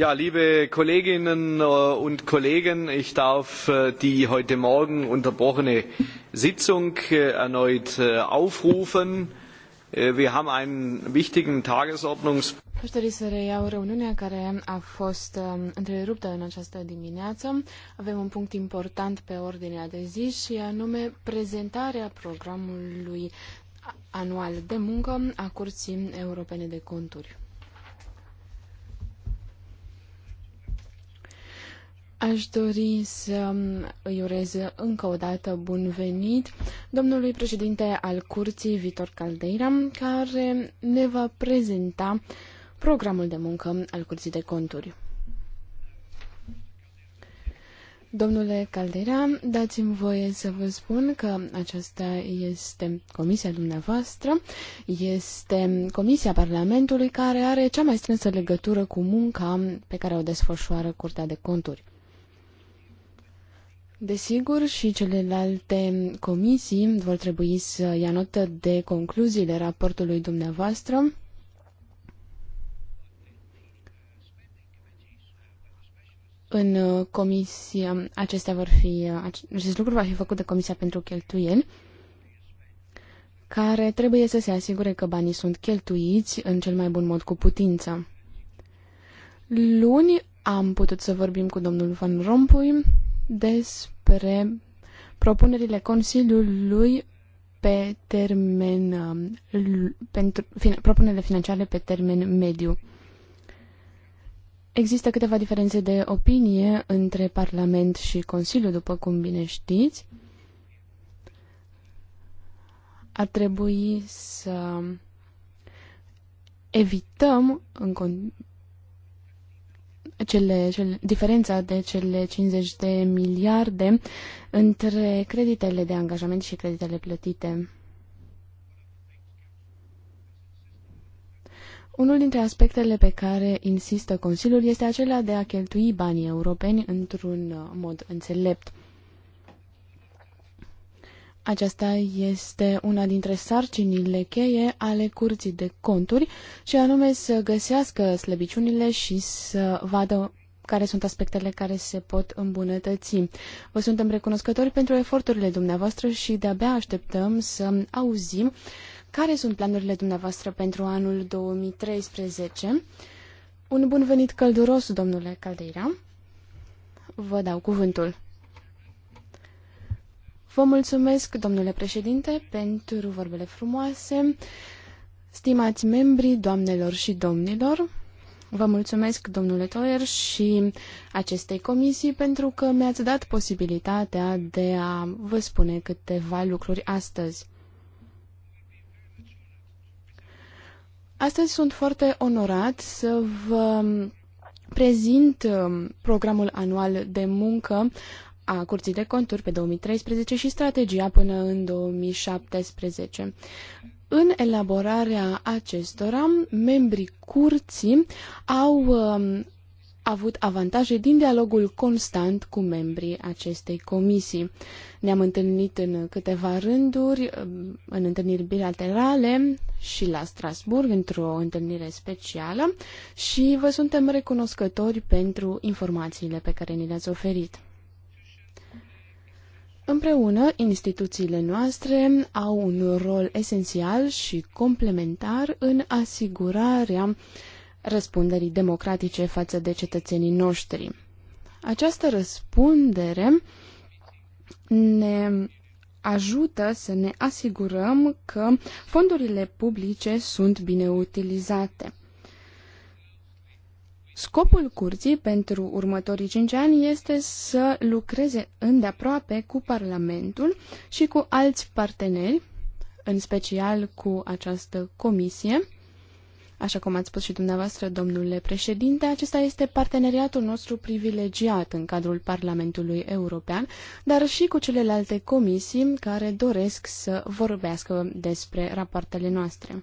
Ja, liebe Kolleginnen äh, und Kollegen, ich darf äh, die heute Morgen unterbrochene Sitzung äh, erneut aufrufen. Wir haben einen wichtigen Tagesordnungspunkt. Um, anual de muncă a Curții Europene de Conturi. Aș dori să um, îi urez încă o dată bun venit domnului președinte al curții Vitor Caldeira, care ne va prezenta programul de muncă al curții de conturi. Domnule Caldeira, dați-mi voie să vă spun că aceasta este comisia dumneavoastră, este comisia Parlamentului care are cea mai strânsă legătură cu munca pe care o desfășoară Curtea de Conturi. Desigur, și celelalte comisii vor trebui să ia notă de concluziile raportului dumneavoastră. În uh, comisie, acestea vor fi, uh, acest lucru va fi făcut de Comisia pentru Cheltuieli, care trebuie să se asigure că banii sunt cheltuiți în cel mai bun mod cu putință. Luni am putut să vorbim cu domnul Van Rompuy, despre propunerile Consiliului pe termen um, pentru fine propunerile financiare pe termen mediu. Există câteva diferențe de opinie între Parlament și Consiliu, după cum bine știți. Ar trebui să evităm în, cele, cele, diferența de cele 50 de miliarde între creditele de angajament și creditele plătite. Unul dintre aspectele pe care insistă Consiliul este acela de a cheltui banii europeni într-un uh, mod înțelept. Aceasta este una dintre sarcinile cheie ale curții de conturi și anume să găsească slăbiciunile și să vadă care sunt aspectele care se pot îmbunătăți. Vă suntem recunoscători pentru eforturile dumneavoastră și de-abia așteptăm să auzim care sunt planurile dumneavoastră pentru anul 2013. Un bun venit călduros, domnule Caldeira. Vă dau cuvântul. Vă mulțumesc, domnule președinte, pentru vorbele frumoase. Stimați membri, doamnelor și domnilor, vă mulțumesc, domnule Toier, și acestei comisii pentru că mi-ați dat posibilitatea de a vă spune câteva lucruri astăzi. Astăzi sunt foarte onorat să vă prezint um, programul anual de muncă a Curții de Conturi pe 2013 și strategia până în 2017. În elaborarea acestora, membrii curții au um, avut avantaje din dialogul constant cu membrii acestei comisii. Ne-am întâlnit în câteva rânduri, um, în întâlniri bilaterale și la Strasburg, într-o întâlnire specială și vă suntem recunoscători pentru informațiile pe care ni le-ați oferit. Împreună, instituțiile noastre au un rol esențial și complementar în asigurarea răspunderii democratice față de cetățenii noștri. Această răspundere ne ajută să ne asigurăm că fondurile publice sunt bine utilizate. Scopul curții pentru următorii cinci ani este să lucreze îndeaproape cu Parlamentul și cu alți parteneri, în special cu această comisie. Așa cum ați spus și dumneavoastră, domnule președinte, acesta este parteneriatul nostru privilegiat în cadrul Parlamentului European, dar și cu celelalte comisii care doresc să vorbească despre rapoartele noastre.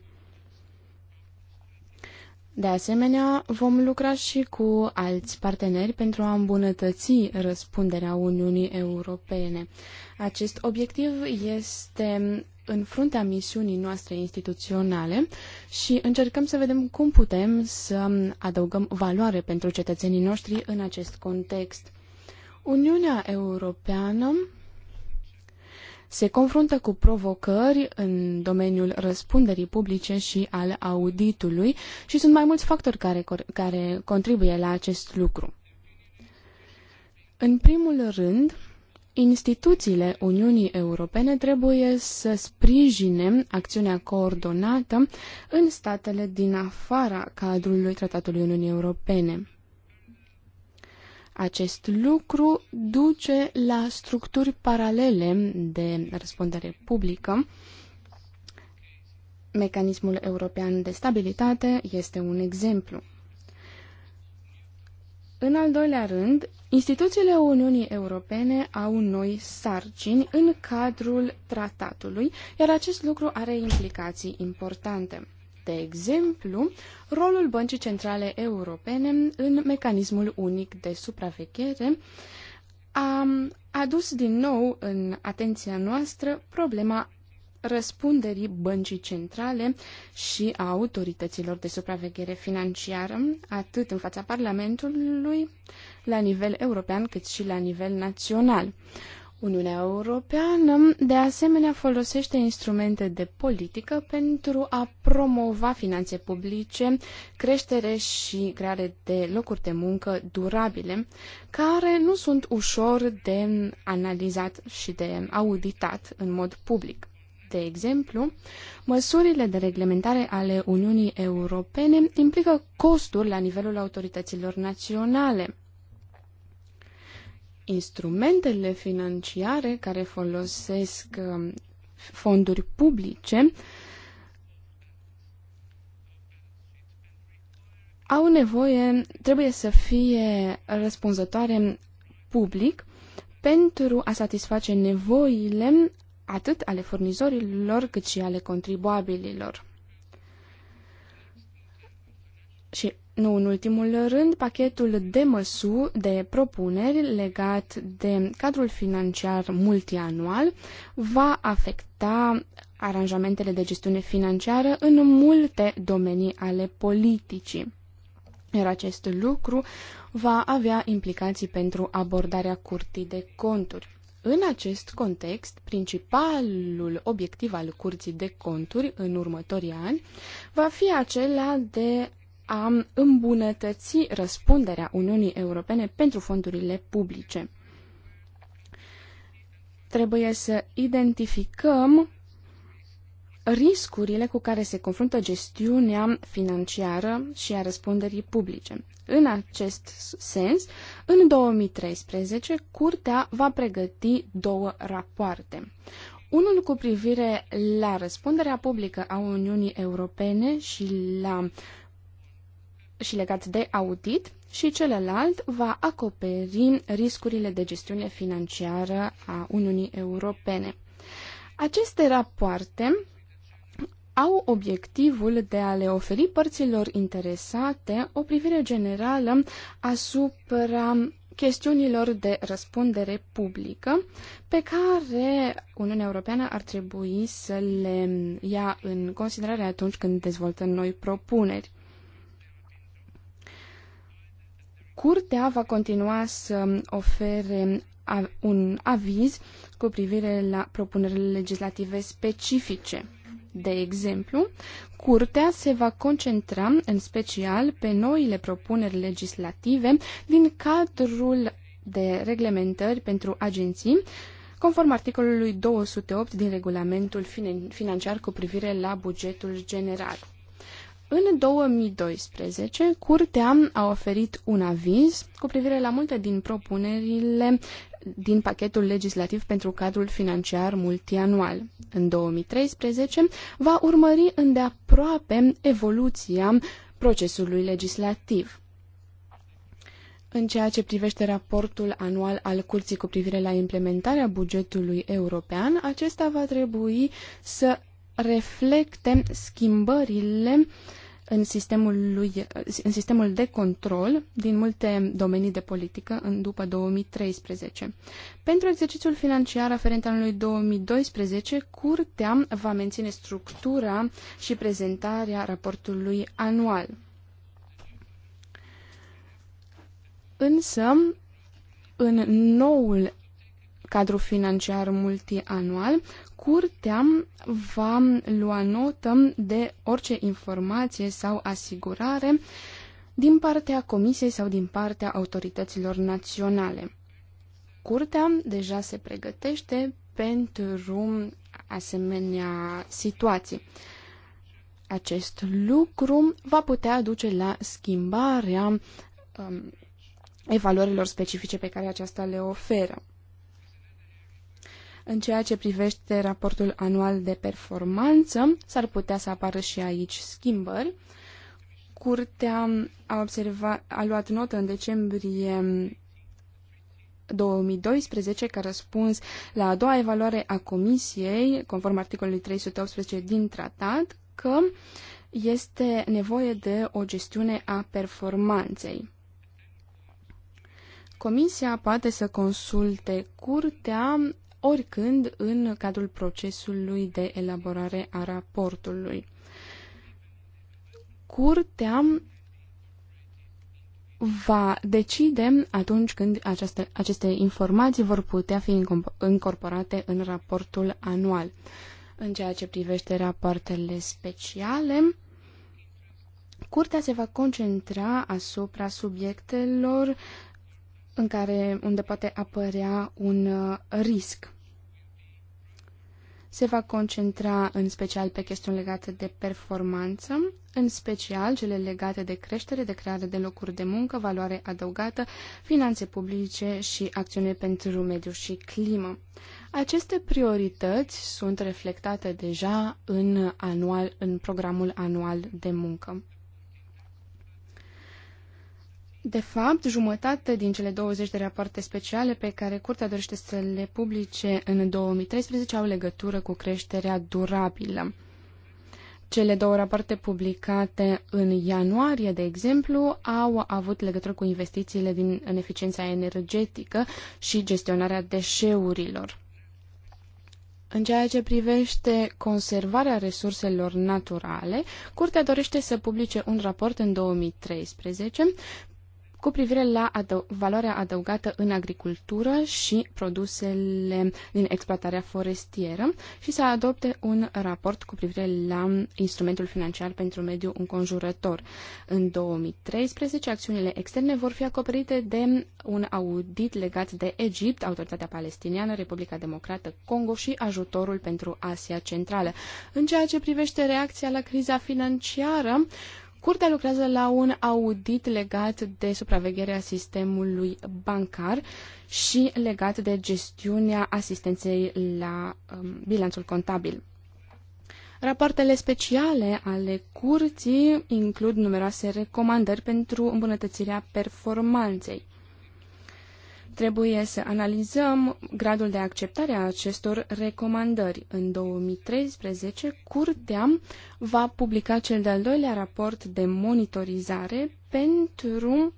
De asemenea, vom lucra și cu alți parteneri pentru a îmbunătăți răspunderea Uniunii Europene. Acest obiectiv este în fruntea misiunii noastre instituționale și încercăm să vedem cum putem să adăugăm valoare pentru cetățenii noștri în acest context. Uniunea Europeană se confruntă cu provocări în domeniul răspunderii publice și al auditului și sunt mai mulți factori care, care contribuie la acest lucru. În primul rând, instituțiile Uniunii Europene trebuie să sprijine acțiunea coordonată în statele din afara cadrului Tratatului Uniunii Europene. Acest lucru duce la structuri paralele de răspundere publică. Mecanismul european de stabilitate este un exemplu. În al doilea rând, instituțiile Uniunii Europene au noi sarcini în cadrul tratatului, iar acest lucru are implicații importante de exemplu, rolul Băncii Centrale Europene în mecanismul unic de supraveghere a adus din nou în atenția noastră problema răspunderii băncii centrale și a autorităților de supraveghere financiară, atât în fața Parlamentului, la nivel european, cât și la nivel național. Uniunea Europeană, de asemenea, folosește instrumente de politică pentru a promova finanțe publice, creștere și creare de locuri de muncă durabile, care nu sunt ușor de analizat și de auditat în mod public. De exemplu, măsurile de reglementare ale Uniunii Europene implică costuri la nivelul autorităților naționale instrumentele financiare care folosesc um, fonduri publice au nevoie, trebuie să fie răspunzătoare public pentru a satisface nevoile atât ale furnizorilor cât și ale contribuabililor. Și nu în ultimul rând, pachetul de măsuri, de propuneri legat de cadrul financiar multianual va afecta aranjamentele de gestiune financiară în multe domenii ale politicii. Iar acest lucru va avea implicații pentru abordarea curții de conturi. În acest context, principalul obiectiv al curții de conturi în următorii ani va fi acela de a îmbunătăți răspunderea Uniunii Europene pentru fondurile publice. Trebuie să identificăm riscurile cu care se confruntă gestiunea financiară și a răspunderii publice. În acest sens, în 2013, Curtea va pregăti două rapoarte. Unul cu privire la răspunderea publică a Uniunii Europene și la și legat de audit și celălalt va acoperi riscurile de gestiune financiară a Uniunii Europene. Aceste rapoarte au obiectivul de a le oferi părților interesate o privire generală asupra chestiunilor de răspundere publică pe care Uniunea Europeană ar trebui să le ia în considerare atunci când dezvoltă noi propuneri. Curtea va continua să ofere un aviz cu privire la propunerile legislative specifice. De exemplu, Curtea se va concentra în special pe noile propuneri legislative din cadrul de reglementări pentru agenții, conform articolului 208 din regulamentul financiar cu privire la bugetul general. În 2012, Curtea a oferit un aviz cu privire la multe din propunerile din pachetul legislativ pentru cadrul financiar multianual. În 2013 va urmări îndeaproape evoluția procesului legislativ. În ceea ce privește raportul anual al Curții cu privire la implementarea bugetului european, acesta va trebui să reflecte schimbările în sistemul, lui, în sistemul de control din multe domenii de politică în după 2013. Pentru exercițiul financiar aferent anului 2012, Curtea va menține structura și prezentarea raportului anual. Însă, în noul cadru financiar multianual, curtea va lua notă de orice informație sau asigurare din partea Comisiei sau din partea autorităților naționale. Curtea deja se pregătește pentru asemenea situații. Acest lucru va putea aduce la schimbarea um, evaluărilor specifice pe care aceasta le oferă. În ceea ce privește raportul anual de performanță, s-ar putea să apară și aici schimbări. Curtea a, observat, a luat notă în decembrie 2012 ca răspuns la a doua evaluare a Comisiei, conform articolului 318 din tratat, că este nevoie de o gestiune a performanței. Comisia poate să consulte curtea oricând în cadrul procesului de elaborare a raportului. Curtea va decide atunci când această, aceste informații vor putea fi incorporate în raportul anual. În ceea ce privește rapoartele speciale, Curtea se va concentra asupra subiectelor în care, unde poate apărea un uh, risc. Se va concentra în special pe chestiuni legate de performanță, în special cele legate de creștere, de creare de locuri de muncă, valoare adăugată, finanțe publice și acțiune pentru mediu și climă. Aceste priorități sunt reflectate deja în, anual, în programul anual de muncă. De fapt, jumătate din cele 20 de rapoarte speciale pe care Curtea dorește să le publice în 2013 au legătură cu creșterea durabilă. Cele două rapoarte publicate în ianuarie, de exemplu, au avut legătură cu investițiile din, în eficiența energetică și gestionarea deșeurilor. În ceea ce privește conservarea resurselor naturale, Curtea dorește să publice un raport în 2013 cu privire la adă- valoarea adăugată în agricultură și produsele din exploatarea forestieră și să adopte un raport cu privire la instrumentul financiar pentru mediul înconjurător. În 2013, acțiunile externe vor fi acoperite de un audit legat de Egipt, Autoritatea Palestiniană, Republica Democrată, Congo și ajutorul pentru Asia Centrală. În ceea ce privește reacția la criza financiară, Curtea lucrează la un audit legat de supravegherea sistemului bancar și legat de gestiunea asistenței la um, bilanțul contabil. Rapoartele speciale ale curții includ numeroase recomandări pentru îmbunătățirea performanței. Trebuie să analizăm gradul de acceptare a acestor recomandări. În 2013, Curtea va publica cel de-al doilea raport de monitorizare pentru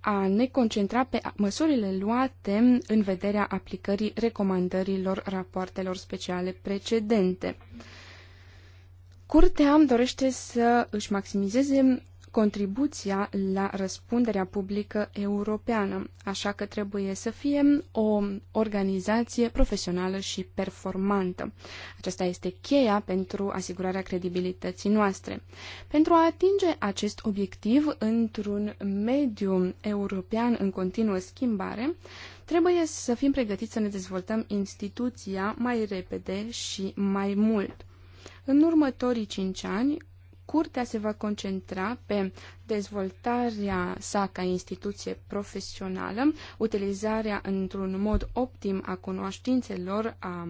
a ne concentra pe măsurile luate în vederea aplicării recomandărilor rapoartelor speciale precedente. Curtea dorește să își maximizeze contribuția la răspunderea publică europeană, așa că trebuie să fie o organizație profesională și performantă. Aceasta este cheia pentru asigurarea credibilității noastre. Pentru a atinge acest obiectiv într-un mediu european în continuă schimbare, trebuie să fim pregătiți să ne dezvoltăm instituția mai repede și mai mult. În următorii cinci ani, Curtea se va concentra pe dezvoltarea sa ca instituție profesională, utilizarea într-un mod optim a cunoștințelor a,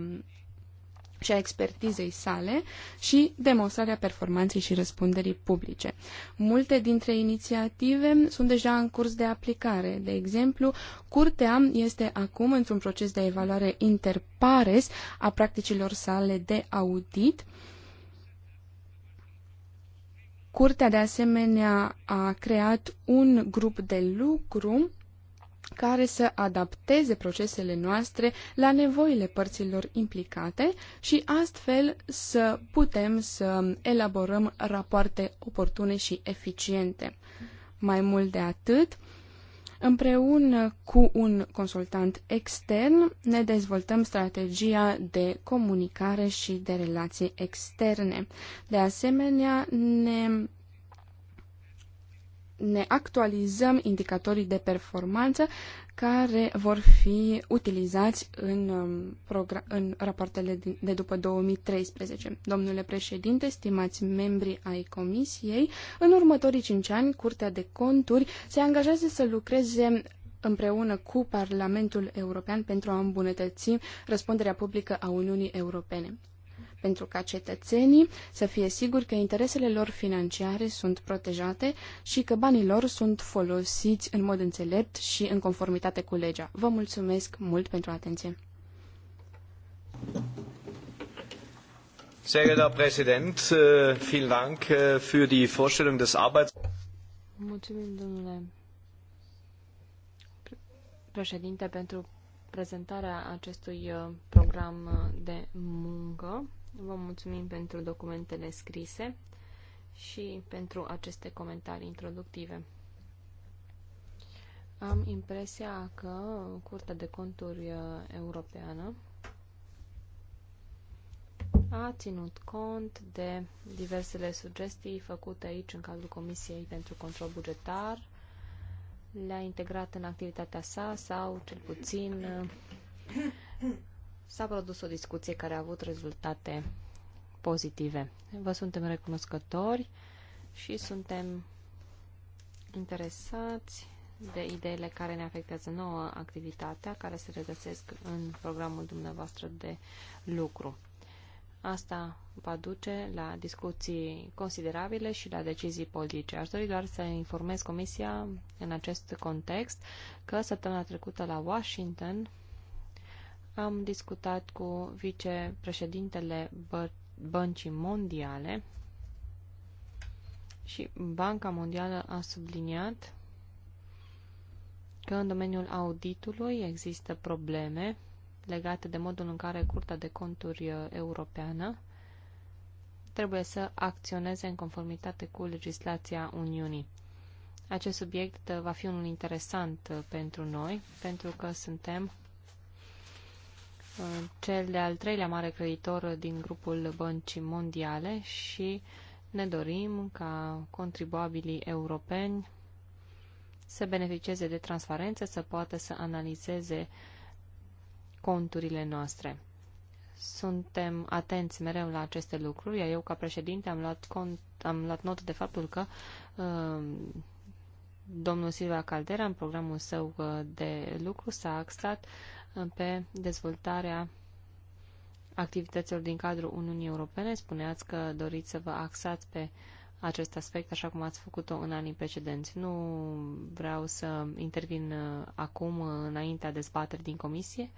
și a expertizei sale și demonstrarea performanței și răspunderii publice. Multe dintre inițiative sunt deja în curs de aplicare. De exemplu, Curtea este acum într-un proces de evaluare interpares a practicilor sale de audit, uh, Curtea, de asemenea, a creat un grup de lucru care să adapteze procesele noastre la nevoile părților implicate și astfel să putem să elaborăm rapoarte oportune și eficiente. Mai mult de atât, Împreună cu un consultant extern ne dezvoltăm strategia de comunicare și de relații externe. De asemenea, ne ne actualizăm indicatorii de performanță care vor fi utilizați în, um, în rapoartele de după 2013. Domnule președinte, stimați membri ai Comisiei, în următorii cinci ani, Curtea de Conturi se angajează să lucreze împreună cu Parlamentul European pentru a îmbunătăți răspunderea publică a Uniunii Europene pentru ca cetățenii să fie siguri că interesele lor financiare sunt protejate și că banii lor sunt folosiți în mod înțelept și în conformitate cu legea. Vă mulțumesc mult pentru atenție. Sehr geehrter Herr Präsident, äh, vielen Dank äh, für die Vorstellung des Arbeits. Mulțumim, domnule președinte, pentru prezentarea acestui uh, program de muncă. Vă mulțumim pentru documentele scrise și pentru aceste comentarii introductive. Am impresia că Curtea de Conturi uh, Europeană a ținut cont de diversele sugestii făcute aici în cadrul Comisiei pentru Control Bugetar, le-a integrat în activitatea sa sau, cel puțin, s-a produs o discuție care a avut rezultate pozitive. Vă suntem recunoscători și suntem interesați de ideile care ne afectează nouă activitatea, care se regăsesc în programul dumneavoastră de lucru. Asta va duce la discuții considerabile și la decizii politice. Aș dori doar să informez Comisia în acest context că săptămâna trecută la Washington am discutat cu vicepreședintele Băncii Mondiale și Banca Mondială a subliniat că în domeniul auditului există probleme legate de modul în care Curtea de Conturi uh, Europeană trebuie să acționeze în conformitate cu legislația Uniunii. Acest subiect uh, va fi unul interesant uh, pentru noi, pentru că suntem cel de-al treilea mare creditor din grupul băncii mondiale și ne dorim ca contribuabilii europeni să beneficieze de transparență, să poată să analizeze conturile noastre. Suntem atenți mereu la aceste lucruri, iar eu ca președinte am luat, cont, am luat notă de faptul că uh, domnul Silva Caldera, în programul său uh, de lucru, s-a axat uh, pe dezvoltarea activităților din cadrul Uniunii Europene. Spuneați că doriți să vă axați pe acest aspect, așa cum ați făcut-o în anii precedenți. Nu vreau să intervin uh, acum, înaintea dezbaterii din comisie.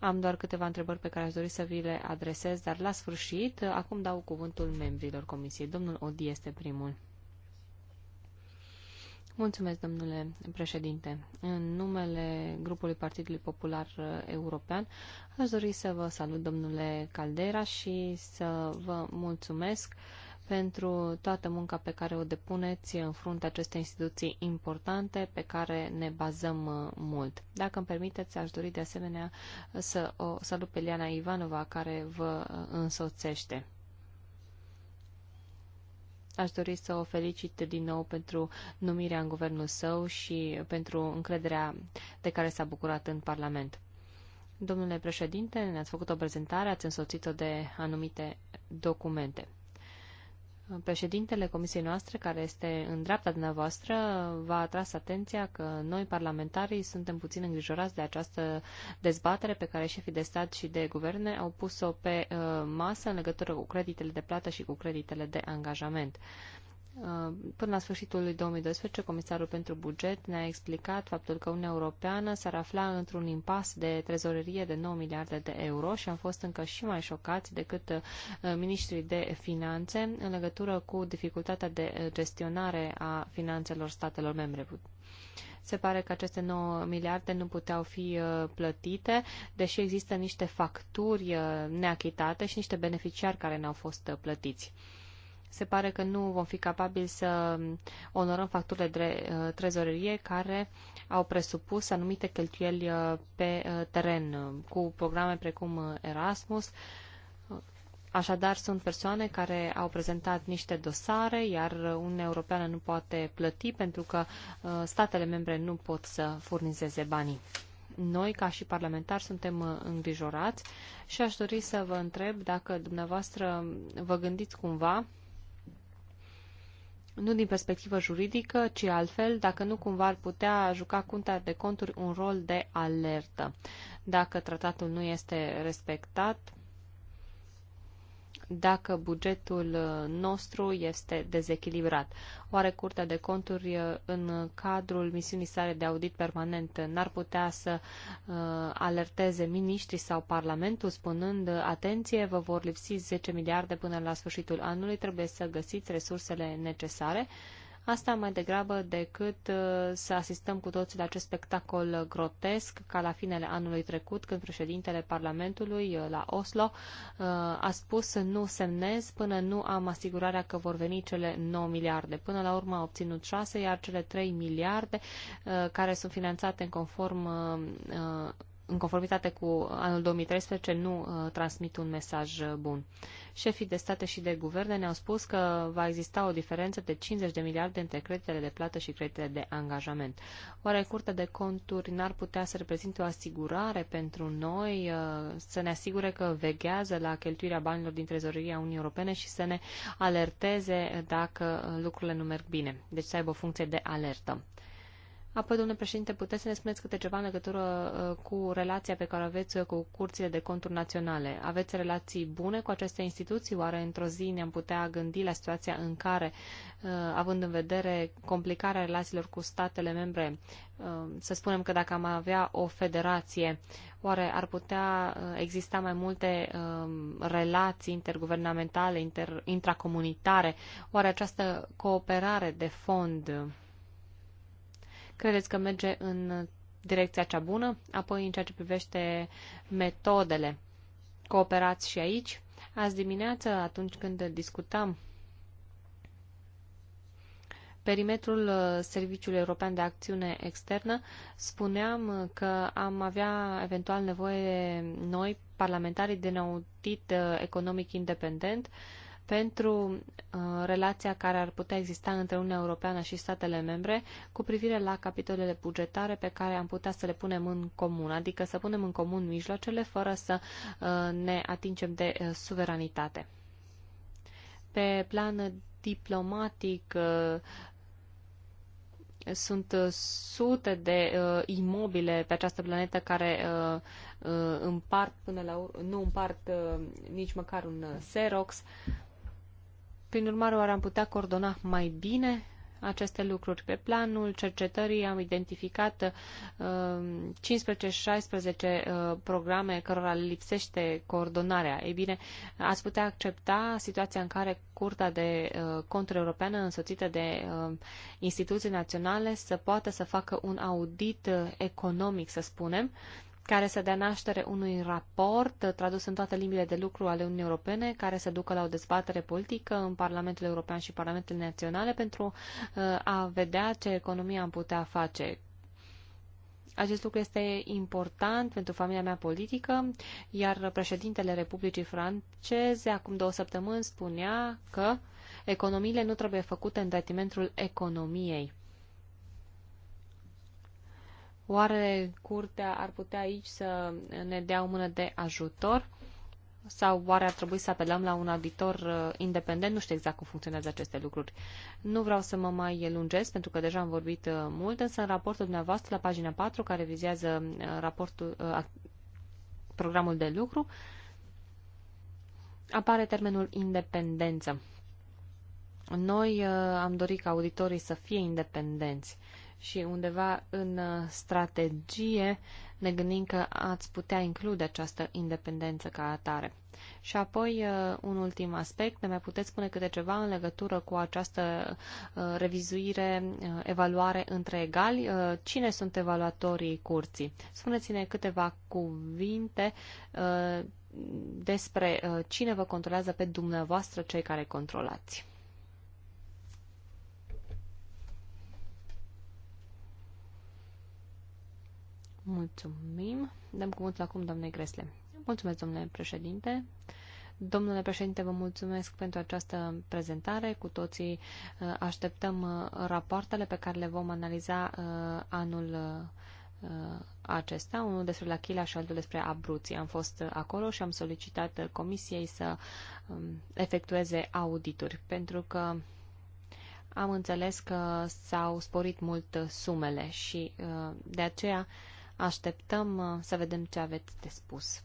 Am doar câteva întrebări pe care aș dori să vi le adresez, dar la sfârșit, acum dau cuvântul membrilor comisiei. Domnul Odi este primul. Mulțumesc, domnule președinte. În numele grupului Partidului Popular European, aș dori să vă salut, domnule Caldera, și să vă mulțumesc pentru toată munca pe care o depuneți în fruntea acestei instituții importante pe care ne bazăm uh, mult. Dacă îmi permiteți, aș dori de asemenea să o salut pe Liana Ivanova care vă uh, însoțește. Aș dori să o felicit din nou pentru numirea în guvernul său și pentru încrederea de care s-a bucurat în Parlament. Domnule președinte, ne-ați făcut o prezentare, ați însoțit-o de anumite documente. Președintele comisiei noastre, care este în dreapta dumneavoastră, v-a atras atenția că noi, parlamentarii, suntem puțin îngrijorați de această dezbatere pe care șefii de stat și de guverne au pus-o pe uh, masă în legătură cu creditele de plată și cu creditele de angajament. Uh, Uh, până la sfârșitul lui 2012, Comisarul pentru Buget ne-a explicat faptul că Uniunea Europeană s-ar afla într-un impas de trezorerie de 9 miliarde de euro și am fost încă și mai șocați decât uh, ministrii de finanțe în legătură cu dificultatea de gestionare a finanțelor statelor membre. Se pare că aceste 9 miliarde nu puteau fi uh, plătite, deși există niște facturi neachitate și niște beneficiari care n-au fost plătiți se pare că nu vom fi capabili să onorăm facturile de uh, trezorerie care au presupus anumite cheltuieli uh, pe uh, teren cu programe precum Erasmus. Așadar, sunt persoane care au prezentat niște dosare, iar Uniunea Europeană nu poate plăti pentru că statele membre nu pot să furnizeze banii noi, ca și parlamentari, suntem îngrijorați și aș dori să vă întreb dacă dumneavoastră vă gândiți cumva nu din perspectivă juridică, ci altfel, dacă nu cumva ar putea juca Curtea de Conturi un rol de alertă. Dacă tratatul nu este respectat, dacă bugetul uh, nostru este dezechilibrat. Oare Curtea de Conturi, uh, în cadrul misiunii sale de audit permanent, uh, n-ar putea să uh, alerteze miniștrii sau Parlamentul, spunând, atenție, vă vor lipsi 10 miliarde până la sfârșitul anului, trebuie să găsiți resursele necesare? Uh, Asta mai degrabă decât uh, să asistăm cu toții la acest spectacol grotesc ca la finele anului trecut când președintele Parlamentului uh, la Oslo uh, a spus să nu semnez până nu am asigurarea că vor veni cele 9 miliarde. Până la urmă a obținut 6, iar cele 3 miliarde care sunt finanțate în conform în conformitate cu anul 2013, nu uh, transmit un mesaj uh, bun. Șefii de state și de guverne ne-au spus că va exista o diferență de 50 de miliarde între creditele de plată și creditele de angajament. Oare Curtea de Conturi n-ar putea să reprezinte o asigurare pentru noi, uh, să ne asigure că veghează la cheltuirea banilor din trezoreria Uniunii Europene și să ne alerteze dacă uh, lucrurile nu merg bine? Deci să aibă o funcție de alertă. Apoi, domnule președinte, puteți să ne spuneți câte ceva în legătură uh, cu relația pe care o aveți uh, cu curțile de conturi naționale. Aveți relații bune cu aceste instituții? Oare într-o zi ne-am putea gândi la situația în care, uh, având în vedere complicarea relațiilor cu statele membre, să spunem că dacă am avea o federație, oare ar putea exista mai multe um, relații interguvernamentale, inter, intracomunitare? Oare această cooperare de fond Credeți că merge în direcția cea bună? Apoi, în ceea ce privește metodele, cooperați și aici. Azi dimineață, atunci când discutam perimetrul uh, Serviciului European de Acțiune Externă, spuneam uh, că am avea eventual nevoie noi, parlamentarii, de un audit uh, economic independent uh, pentru uh, relația care ar putea exista între Uniunea Europeană și statele membre cu privire la capitolele bugetare pe care am putea să le punem în comun, adică să punem în comun mijloacele fără să uh, ne atingem de uh, suveranitate. Pe plan diplomatic, uh, sunt uh, sute de uh, imobile pe această planetă care uh, uh, împart până la nu împart uh, nici măcar un uh, Xerox. Uh, prin urmare, oare am putea coordona mai bine aceste lucruri. Pe planul cercetării am identificat uh, 15-16 uh, programe cărora lipsește coordonarea. Ei bine, ați putea accepta situația în care Curtea de uh, Conturi Europeană, însoțită de uh, instituții naționale, să poată să facă un audit uh, economic, să spunem, uh, care să dea naștere unui raport tradus în toate limbile de lucru ale Uniunii Europene, care să ducă la o dezbatere politică în Parlamentul European și Parlamentele Naționale pentru uh, a vedea ce economia am putea face. Acest lucru este important pentru familia mea politică, iar președintele Republicii Franceze acum două săptămâni spunea că economiile nu trebuie făcute în detrimentul economiei. Oare curtea ar putea aici să ne dea o mână de ajutor? Sau oare ar trebui să apelăm la un auditor uh, independent? Nu știu exact cum funcționează aceste lucruri. Nu vreau să mă mai lungesc, pentru că deja am vorbit uh, mult, însă în raportul dumneavoastră, la pagina 4, care vizează uh, raportul, programul de lucru, apare termenul independență. Noi am dorit ca auditorii să fie independenți și undeva în uh, strategie ne gândim că ați putea include această independență ca atare. Și apoi, uh, un ultim aspect, ne mai puteți spune câte ceva în legătură cu această uh, revizuire, evaluare între egali? Cine sunt evaluatorii curții? Spuneți-ne câteva cuvinte despre cine vă controlează pe dumneavoastră, cei care controlați. Mulțumim. Dăm cuvântul acum doamnei Gresle. Mulțumesc, domnule președinte. Domnule președinte, vă mulțumesc pentru această prezentare. Cu toții uh, așteptăm uh, rapoartele pe care le vom analiza uh, anul acesta, unul despre Lachila și altul despre Abruții. Am fost acolo și am solicitat comisiei să um, efectueze audituri, pentru că am înțeles că s-au sporit mult sumele și de aceea Așteptăm uh, să vedem ce aveți de spus.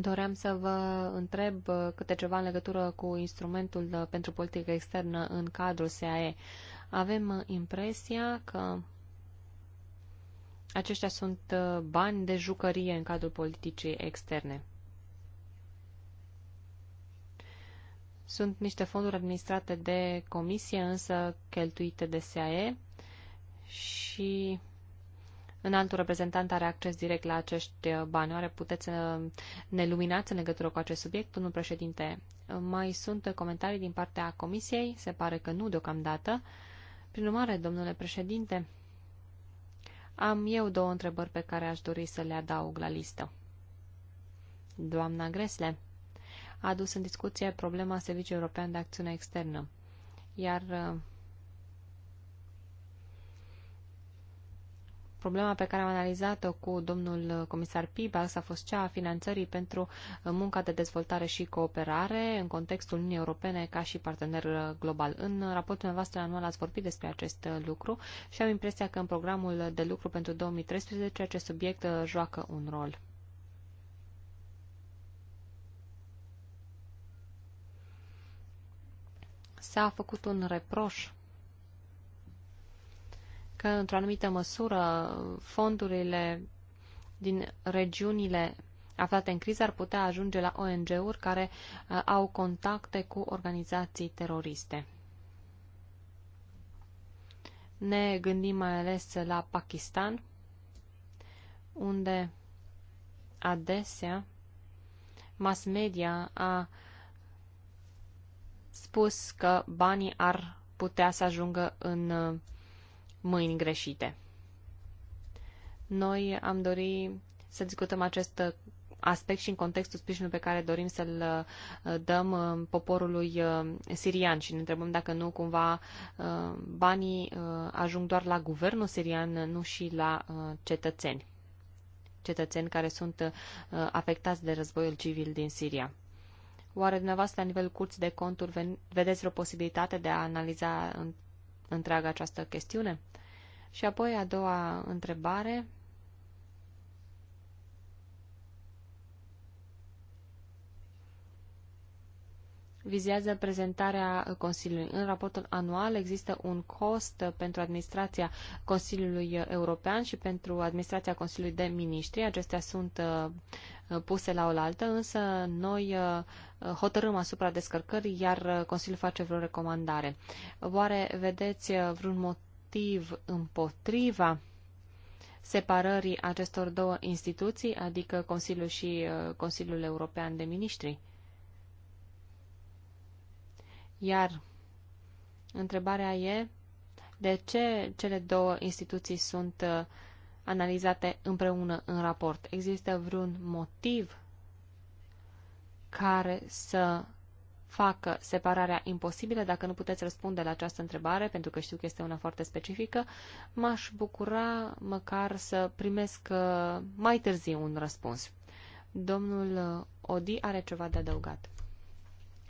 Doream să vă întreb uh, câte ceva în legătură cu instrumentul uh, pentru politică externă în cadrul SAE. Avem impresia că aceștia sunt bani de jucărie în cadrul politicii externe. Sunt niște fonduri administrate de comisie, însă cheltuite de SAE și în altul reprezentant are acces direct la acești bani. Oare puteți să ne luminați în legătură cu acest subiect, domnul președinte? Mai sunt comentarii din partea comisiei? Se pare că nu deocamdată. Prin urmare, domnule președinte, am eu două întrebări pe care aș dori să le adaug la listă. Doamna Gresle a adus în discuție problema Serviciului European de Acțiune Externă. Iar uh, problema pe care am analizat-o cu domnul comisar Pibax a fost cea a finanțării pentru uh, munca de dezvoltare și cooperare în contextul Uniunii Europene ca și partener uh, global. În raportul noastră anual ați vorbit despre acest lucru și am impresia că în programul de lucru pentru 2013 acest subiect joacă un rol. s-a făcut un reproș că, într-o anumită măsură, fondurile din regiunile aflate în criză ar putea ajunge la ONG-uri care uh, au contacte cu organizații teroriste. Ne gândim mai ales la Pakistan, unde adesea mass media a uh, spus că banii ar putea să ajungă în uh, mâini greșite. Noi am dorit să discutăm acest aspect și în contextul sprijinului pe care dorim să-l uh, dăm uh, poporului sirian și ne întrebăm dacă nu cumva banii ajung doar la guvernul sirian, nu și la cetățeni cetățeni care sunt afectați de războiul civil din Siria. Oare dumneavoastră, la nivelul curții de conturi, vedeți o posibilitate de a analiza întreaga această chestiune? Și apoi, a doua întrebare, vizează prezentarea Consiliului. În raportul anual există un cost pentru administrația Consiliului European și pentru administrația Consiliului de Ministri. Acestea sunt uh, puse la oaltă, însă noi uh, hotărâm asupra descărcării, iar uh, Consiliul face vreo recomandare. Oare vedeți uh, vreun motiv împotriva separării acestor două instituții, adică Consiliul și Consiliul European de Ministri? Iar întrebarea e de ce cele două instituții sunt uh, analizate împreună în raport. Există vreun motiv care să facă separarea imposibilă? Dacă nu puteți răspunde la această întrebare, pentru că știu că este una foarte specifică, m-aș bucura măcar să primesc uh, mai târziu un răspuns. Domnul Odi are ceva de adăugat.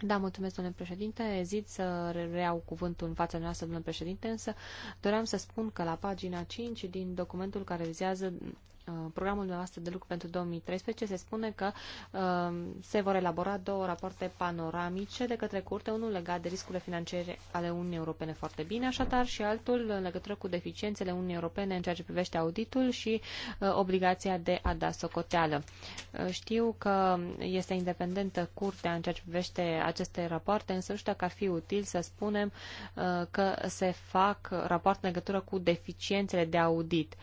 Da, mulțumesc, domnule președinte. Ezit să reiau cuvântul în fața noastră, domnule președinte, însă doream să spun că la pagina 5 din documentul care vizează Uh, programul dumneavoastră de lucru pentru 2013 se spune că uh, se vor elabora două rapoarte panoramice de către curte, unul legat de riscurile financiare ale Uniunii Europene foarte bine, așadar, și altul în legătură cu deficiențele Uniunii Europene în ceea ce privește auditul și uh, obligația de a da socoteală. Uh, știu că este independentă curtea în ceea ce privește aceste rapoarte, însă nu știu dacă ar fi util să spunem uh, că se fac rapoarte în legătură cu deficiențele de audit.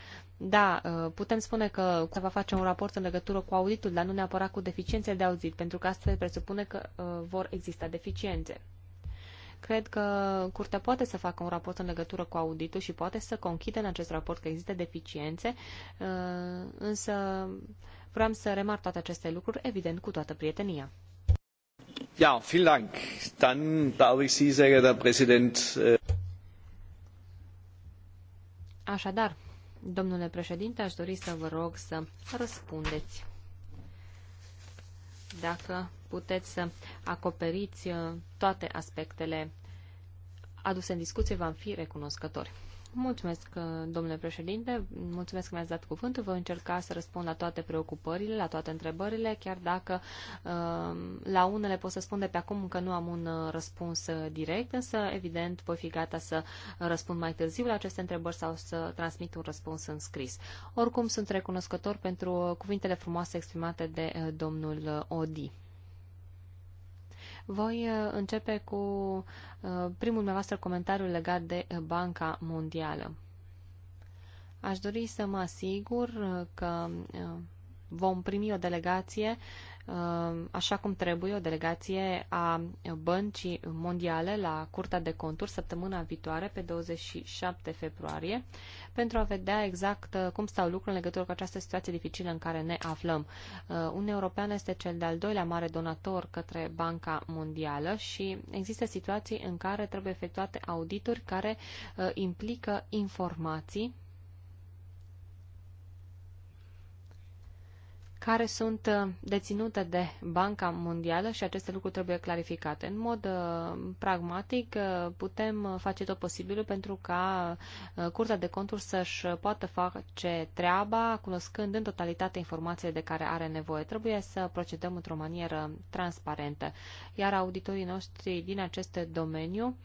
Da, uh, putem spune că se va face un raport în legătură cu auditul, dar nu neapărat cu deficiențe de audit, pentru că asta presupune că uh, vor exista deficiențe. Cred că curtea poate să facă un raport în legătură cu auditul și poate să conchide în acest raport că există deficiențe, uh, însă vreau să remarc toate aceste lucruri, evident, cu toată prietenia. Ja, vielen Dank. Dann darf ich Sie, sehr geehrter Präsident. Äh, Așadar, Domnule președinte, aș dori să vă rog să răspundeți. Dacă puteți să acoperiți uh, toate aspectele aduse în discuție, v-am fi recunoscători. Mulțumesc, uh, domnule președinte, mulțumesc că mi-ați dat cuvântul. Voi încerca să răspund la toate preocupările, la toate întrebările, chiar dacă uh, la unele pot să spun de pe acum că nu am un uh, răspuns direct, însă, evident, voi fi gata să răspund mai târziu la aceste întrebări sau să transmit un răspuns în scris. Oricum, sunt recunoscător pentru cuvintele frumoase exprimate de domnul Odi. Voi uh, începe cu uh, primul dumneavoastră comentariu legat de uh, Banca Mondială. Aș dori să mă asigur că vom primi o delegație Ehm, așa cum trebuie, o delegație a Băncii Mondiale la Curtea de Conturi săptămâna viitoare, pe 27 februarie, pentru a vedea exact uh, cum stau lucrurile în legătură cu această situație dificilă în care ne aflăm. Uh, Uniunea Europeană este cel de-al doilea mare donator către Banca Mondială și există situații în care trebuie efectuate audituri care uh, implică informații care sunt uh, deținute de Banca Mondială și aceste lucruri trebuie clarificate. În mod uh, pragmatic uh, putem face tot posibilul pentru ca Curtea de Conturi să-și poată face treaba cunoscând în totalitate informațiile de care are nevoie. Trebuie să procedăm într-o manieră transparentă, iar auditorii noștri din acest domeniu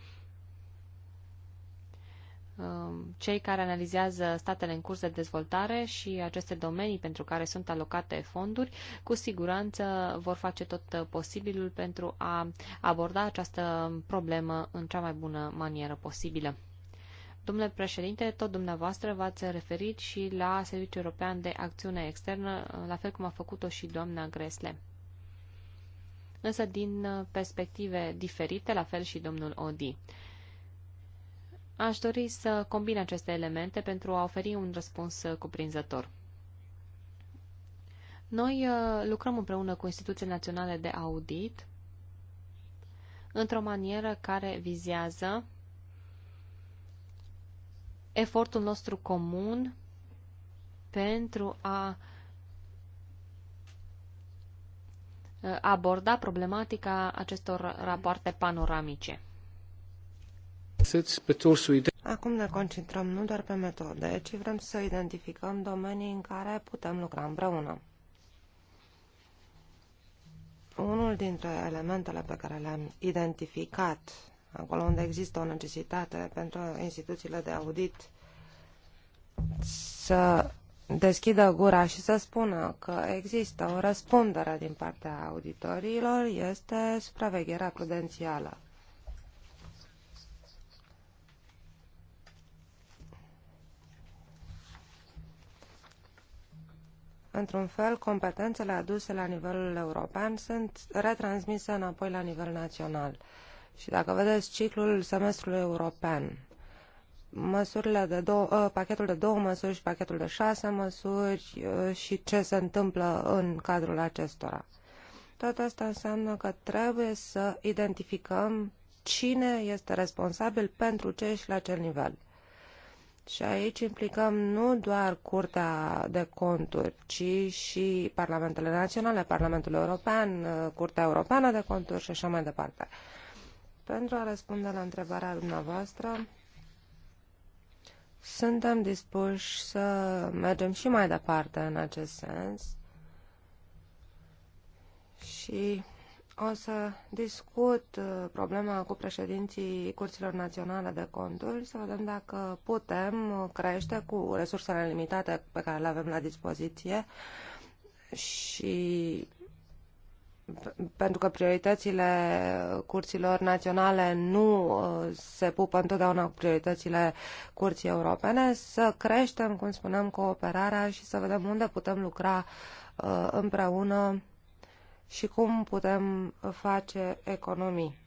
Um, cei care analizează statele în curs de dezvoltare și aceste domenii pentru care sunt alocate fonduri, cu siguranță vor face tot posibilul pentru a aborda această problemă în cea mai bună manieră posibilă. Domnule președinte, tot dumneavoastră v-ați referit și la Serviciul European de Acțiune Externă, la fel cum a făcut-o și doamna Gresle. Însă din perspective diferite, la fel și domnul Odi. Aș dori să combin aceste elemente pentru a oferi un răspuns uh, cuprinzător. Noi uh, lucrăm împreună cu instituțiile naționale de audit într-o manieră care vizează efortul nostru comun pentru a uh, aborda problematica acestor rapoarte panoramice. Acum ne concentrăm nu doar pe metode, ci vrem să identificăm domenii în care putem lucra împreună. Unul dintre elementele pe care le-am identificat, acolo unde există o necesitate pentru instituțiile de audit să deschidă gura și să spună că există o răspundere din partea auditorilor, este supravegherea prudențială Într-un fel, competențele aduse la nivelul european sunt retransmise înapoi la nivel național. Și dacă vedeți ciclul semestrului european, măsurile de două, ă, pachetul de două măsuri și pachetul de șase măsuri ă, și ce se întâmplă în cadrul acestora. Tot asta înseamnă că trebuie să identificăm cine este responsabil pentru ce și la ce nivel. Și aici implicăm nu doar Curtea de Conturi, ci și Parlamentele Naționale, Parlamentul European, uh, Curtea Europeană de Conturi și așa mai departe. Pentru a răspunde la întrebarea dumneavoastră, suntem dispuși să mergem și mai departe în acest sens și o să discut uh, problema cu președinții curților naționale de conturi, să vedem dacă putem uh, crește cu resursele limitate pe care le avem la dispoziție și pentru că prioritățile curților naționale nu uh, se pupă întotdeauna cu prioritățile curții europene, să creștem, cum spuneam, cooperarea și să vedem unde putem lucra împreună și cum putem face economii.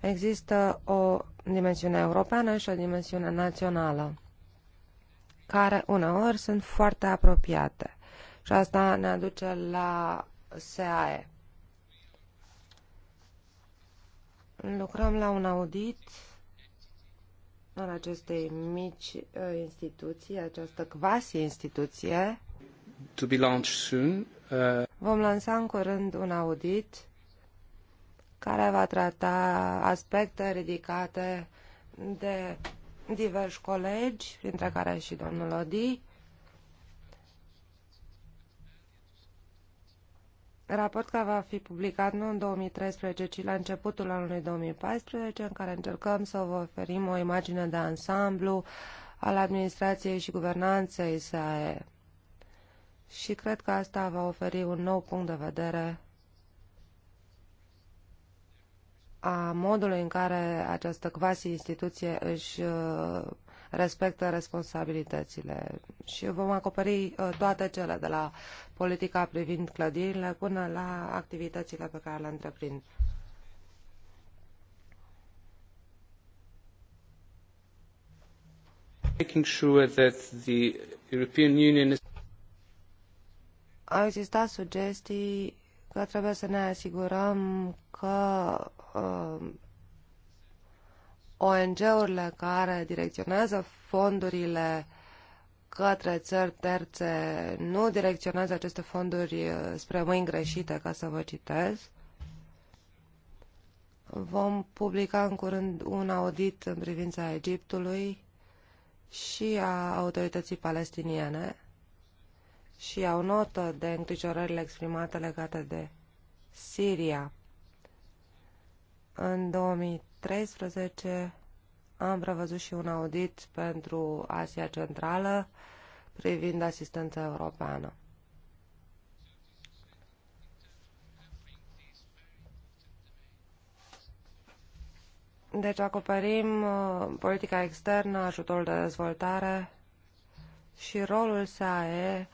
Există o dimensiune europeană și o dimensiune națională, care uneori sunt foarte apropiate. Și asta ne aduce la SAE. Lucrăm la un audit al acestei mici uh, instituții, această quasi-instituție. To be launched soon. Uh... Vom lansa în curând un audit care va trata aspecte ridicate de diversi colegi, printre care și domnul Odi. Raport care va fi publicat nu în 2013, ci la începutul anului 2014, în care încercăm să vă oferim o imagine de ansamblu al administrației și guvernanței SAE și cred că asta va oferi un nou punct de vedere a modului în care această quasi-instituție își uh, respectă responsabilitățile. Și vom acoperi uh, toate cele, de la politica privind clădirile până la activitățile pe care le întreprind. Making sure that the European Union is au existat sugestii că trebuie să ne asigurăm că uh, ONG-urile care direcționează fondurile către țări terțe nu direcționează aceste fonduri uh, spre mâini greșite, ca să vă citez. Vom publica în curând un audit în privința Egiptului și a autorității palestiniene și iau notă de îngrijorările exprimate legate de Siria. În 2013 am prevăzut și un audit pentru Asia Centrală privind asistența europeană. Deci acoperim uh, politica externă, ajutorul de dezvoltare și rolul SAE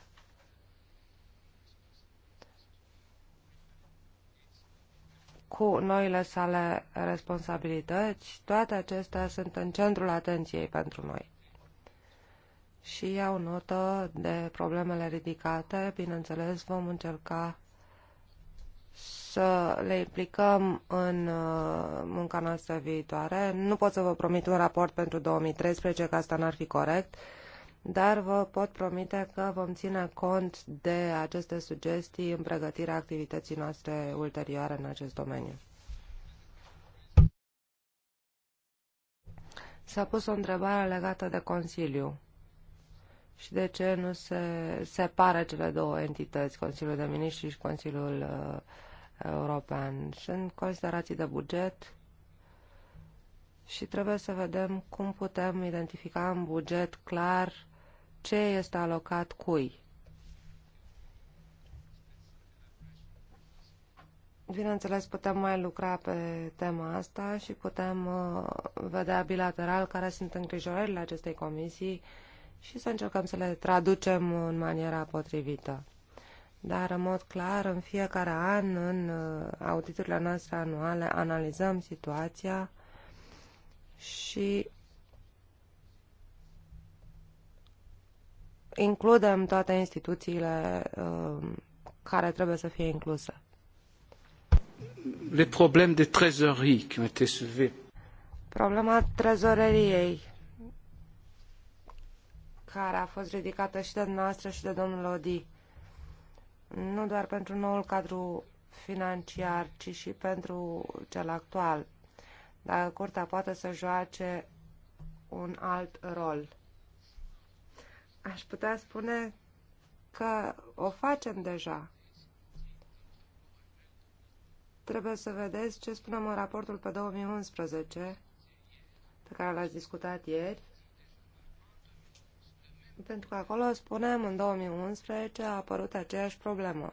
cu noile sale responsabilități, toate acestea sunt în centrul atenției pentru noi. Și iau notă de problemele ridicate, bineînțeles vom încerca să le implicăm în uh, munca noastră viitoare. Nu pot să vă promit un raport pentru 2013, că asta n-ar fi corect, dar vă pot promite că vom ține cont de aceste sugestii în pregătirea activității noastre ulterioare în acest domeniu. S-a pus o întrebare legată de Consiliu și de ce nu se separă cele două entități, Consiliul de Miniștri și Consiliul uh, European. Sunt considerații de buget și trebuie să vedem cum putem identifica în buget clar ce este alocat cui. Bineînțeles, putem mai lucra pe tema asta și putem uh, vedea bilateral care sunt îngrijorările acestei comisii și să încercăm să le traducem în maniera potrivită. Dar, în mod clar, în fiecare an, în uh, auditurile noastre anuale, analizăm situația și includem toate instituțiile uh, care trebuie să fie incluse. Le problèmes de trezorerie qui m'a été Problema trezoreriei care a fost ridicată și de noastră și de domnul Odi. Nu doar pentru noul cadru financiar, ci și pentru cel actual dacă curtea poate să joace un alt rol. Aș putea spune că o facem deja. Trebuie să vedeți ce spunem în raportul pe 2011, pe care l-ați discutat ieri, pentru că acolo spunem în 2011 a apărut aceeași problemă.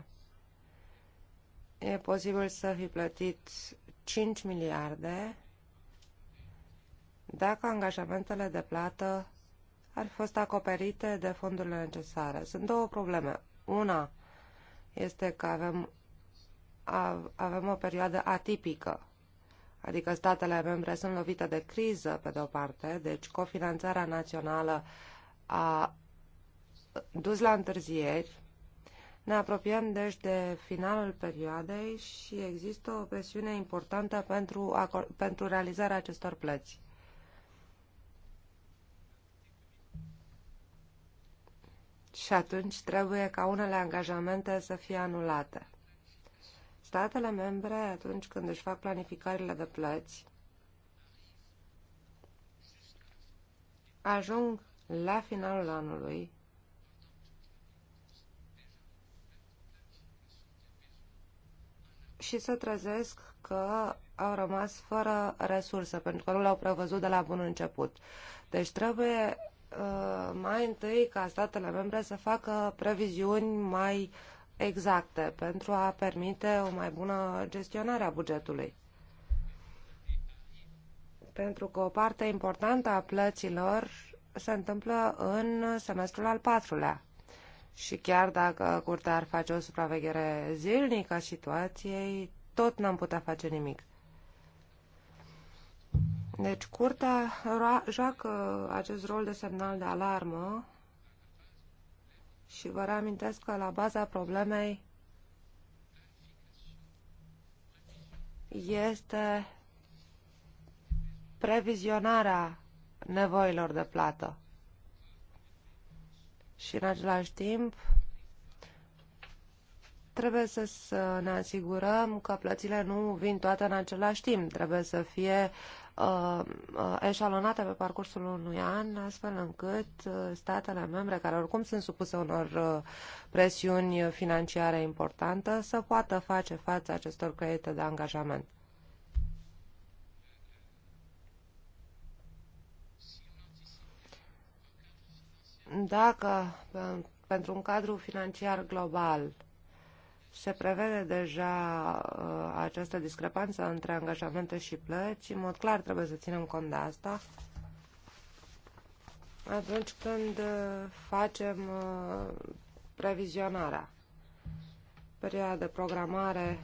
E posibil să fi plătit 5 miliarde dacă angajamentele de plată ar fi fost acoperite de fondurile necesare. Sunt două probleme. Una este că avem, avem o perioadă atipică, adică statele membre sunt lovite de criză, pe de-o parte, deci cofinanțarea națională a dus la întârzieri. Ne apropiem deci de finalul perioadei și există o presiune importantă pentru, pentru realizarea acestor plăți. și atunci trebuie ca unele angajamente să fie anulate. Statele membre, atunci când își fac planificările de plăți, ajung la finalul anului și se trezesc că au rămas fără resurse, pentru că nu le-au prevăzut de la bun început. Deci trebuie Uh, mai întâi ca statele membre să facă previziuni mai exacte pentru a permite o mai bună gestionare a bugetului. Pentru că o parte importantă a plăților se întâmplă în semestrul al patrulea. Și chiar dacă curtea ar face o supraveghere zilnică a situației, tot n-am putea face nimic. Deci, curtea joacă acest rol de semnal de alarmă și vă reamintesc că la baza problemei este previzionarea nevoilor de plată. Și în același timp, Trebuie să, să ne asigurăm că plățile nu vin toate în același timp. Trebuie să fie uh, uh eșalonate pe parcursul unui an, astfel încât uh, statele membre, care oricum sunt supuse unor uh, presiuni financiare importante, să poată face față acestor credite de angajament. Dacă pentru un cadru financiar global se prevede deja uh, această discrepanță între angajamente și plăți. În mod clar trebuie să ținem cont de asta atunci când uh, facem uh, previzionarea. Perioada de programare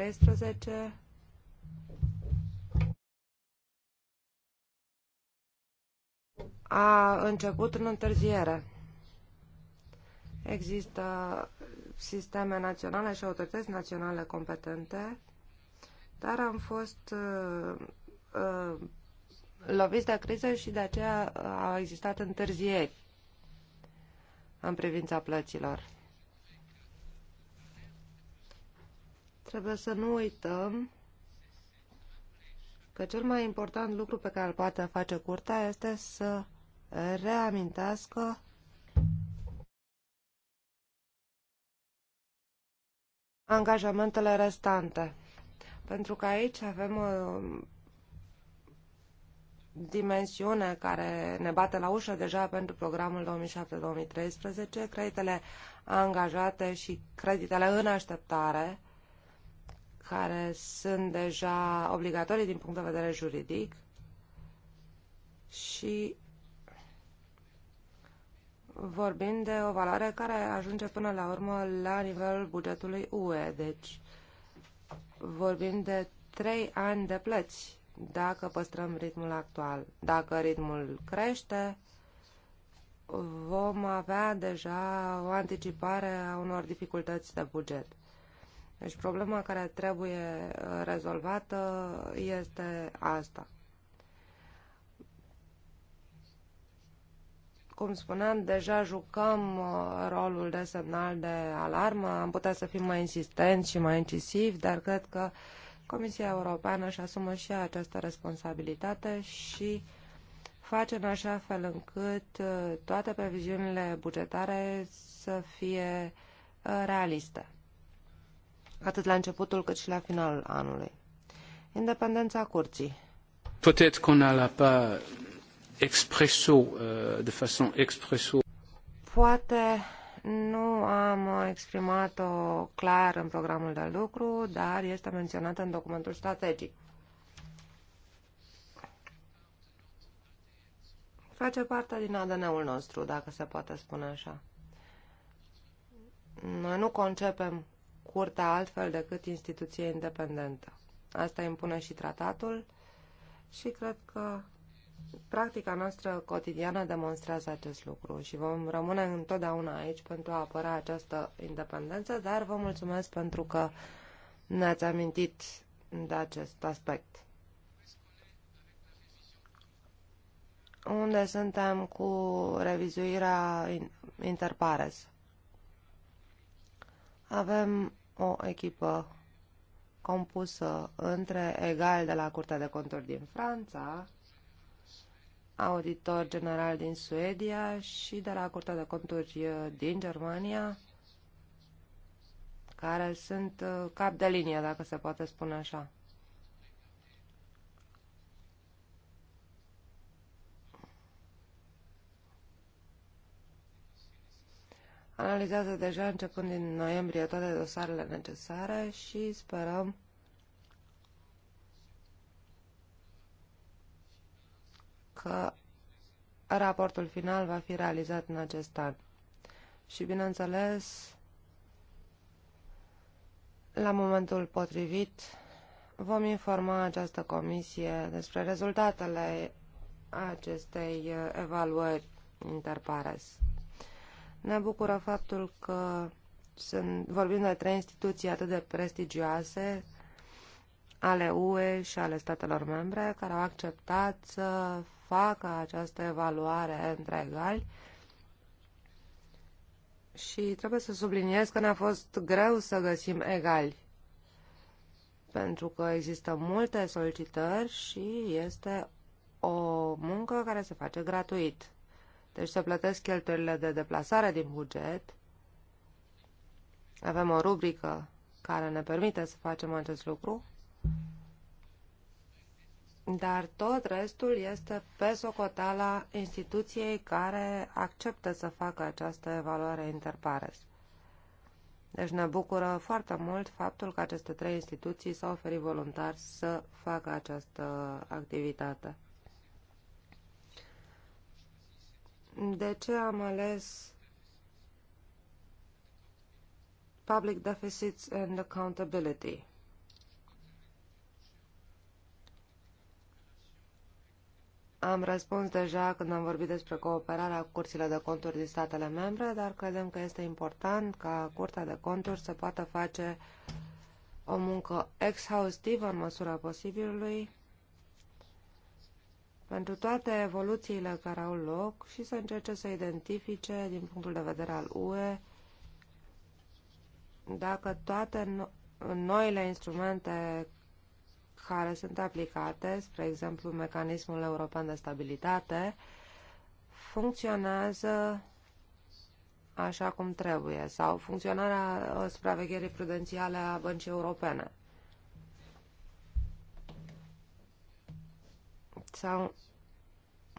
2007-2013 a început în întârziere. Există sisteme naționale și autorități naționale competente, dar am fost uh, uh, loviți de criză și de aceea uh, au existat întârzieri în privința plăților. Trebuie să nu uităm că cel mai important lucru pe care îl poate face curtea este să reamintească angajamentele restante. Pentru că aici avem o uh, dimensiune care ne bate la ușă deja pentru programul 2007-2013, creditele angajate și creditele în așteptare, care sunt deja obligatorii din punct de vedere juridic și vorbim de o valoare care ajunge până la urmă la nivelul bugetului UE, deci vorbim de trei ani de plăți dacă păstrăm ritmul actual. Dacă ritmul crește, vom avea deja o anticipare a unor dificultăți de buget. Deci problema care trebuie rezolvată este asta. Cum spuneam, deja jucăm uh, rolul de semnal de alarmă, am putea să fim mai insistenți și mai incisivi, dar cred că Comisia Europeană își asumă și această responsabilitate și face în așa fel încât uh, toate previziunile bugetare să fie uh, realiste, atât la începutul cât și la finalul anului. Independența curții. Peut-être qu'on n'a pas Uh, de façon Poate nu am exprimat-o clar în programul de lucru, dar este menționată în documentul strategic. Face parte din ADN-ul nostru, dacă se poate spune așa. Noi nu concepem curtea altfel decât instituție independentă. Asta impune și tratatul și cred că Practica noastră cotidiană demonstrează acest lucru și vom rămâne întotdeauna aici pentru a apăra această independență, dar vă mulțumesc pentru că ne-ați amintit de acest aspect. Unde suntem cu revizuirea interpares? Avem o echipă compusă între egal de la Curtea de Conturi din Franța, auditor general din Suedia și de la Curtea de Conturi uh, din Germania, care sunt uh, cap de linie, dacă se poate spune așa. Analizează deja începând din noiembrie toate dosarele necesare și sperăm că raportul final va fi realizat în acest an. Și, bineînțeles, la momentul potrivit vom informa această comisie despre rezultatele acestei uh, evaluări interpares. Ne bucură faptul că sunt, vorbim de trei instituții atât de prestigioase ale UE și ale statelor membre care au acceptat să facă această evaluare între egali și trebuie să subliniez că ne-a fost greu să găsim egali pentru că există multe solicitări și este o muncă care se face gratuit. Deci se plătesc cheltuielile de deplasare din buget. Avem o rubrică care ne permite să facem acest lucru dar tot restul este pe socoteala instituției care acceptă să facă această evaluare interpares. Deci ne bucură foarte mult faptul că aceste trei instituții s-au oferit voluntari să facă această activitate. De ce am ales Public Deficits and Accountability? Am răspuns deja când am vorbit despre cooperarea cu curțile de conturi din statele membre, dar credem că este important ca Curtea de Conturi să poată face o muncă exhaustivă în măsura posibilului pentru toate evoluțiile care au loc și să încerce să identifice, din punctul de vedere al UE, dacă toate noile instrumente care sunt aplicate, spre exemplu mecanismul european de stabilitate, funcționează așa cum trebuie sau funcționarea uh, supravegherii prudențiale a băncii europene. Sau